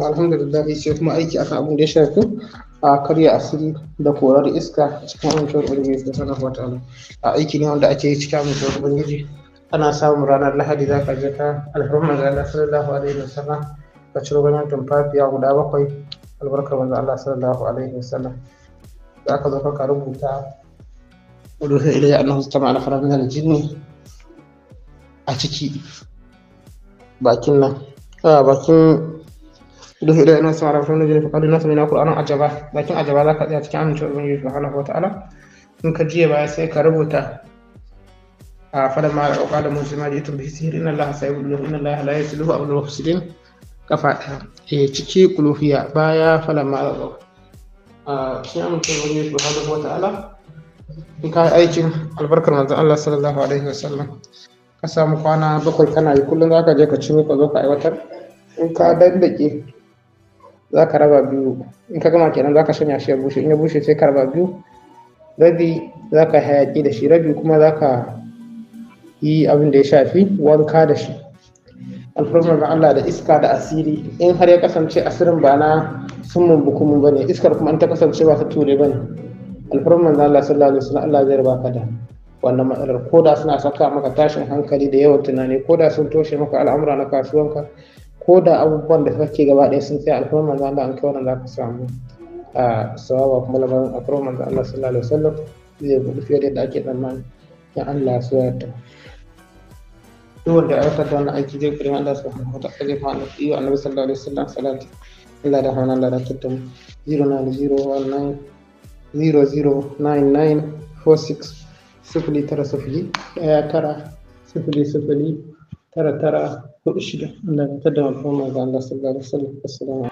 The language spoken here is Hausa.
alhamdulillah sai kuma aiki akan abin da ya shafi a karya asiri da korar iska cikin amincewar ubangiji da sanar wa a aiki ne wanda ake yi cikin amincewar ubangiji ana samun ranar lahadi za ka je ka alfarmar da Allah sallallahu alaihi wa sallam ka ciro ganin tumfafiya guda bakwai albarkar wanzu, Allah sallallahu alaihi wa sallam za ka zo ka rubuta rufe ilayya annahu sama ala na jinni a ciki bakin nan a bakin idan idan ina sa rafa na jirfa kaduna sami na qur'anin ajaba bakin ajaba za ka tsaya cikin amincewa ubangiji subhanahu wataala in ka jiya baya sai ka rubuta a fadar ma da musu ma jitu bi sihir inna allaha sayyidul inna allaha la yasluhu abul mufsidin kafa ɗaya eh, e ciki kulufiya baya fala ma a cikin amincewa ubangiji subhanahu wataala in ka aikin albarkar manzon Allah sallallahu alaihi wasallam ka samu kwana bakwai kana yi kullum za ka je ka ciro ka zo ka aiwatar in ka dandake za ka raba biyu in ka gama kenan za ka shanya shi ya bushe in ya bushe sai ka raba biyu rabi za ka hayaki da shi rabi kuma za ka yi abin da ya shafi wanka da shi alfarmar da Allah da iska da asiri in har ya kasance asirin ba na sumun bukumun ba ne iskar kuma in ta kasance ba ta ture ba ne alfarmar na Allah sallallahu alaihi wasallam Allah zai raba ka da wannan matsalar ko da suna saka maka tashin hankali da yawan tunani koda sun toshe maka al'amura na kasuwanka ko da abubuwan da kake gaba ɗaya sun tsaye alfarman manzo Allah an kai wannan za ka samu a sawaba kuma labarin alfarman manzo Allah sallallahu alaihi wasallam zai buɗe fiye da yadda ake tsammani ya Allah ya ya ta duk wanda ya aikata wannan aiki zai gudu Allah subhanahu wa ta'ala fa fara yi annabi sallallahu alaihi wasallam salati Allah da hana Allah da nine nine four six sifili tara sifili ɗaya tara sifili sifili tara tara hudu shida ta ya fitar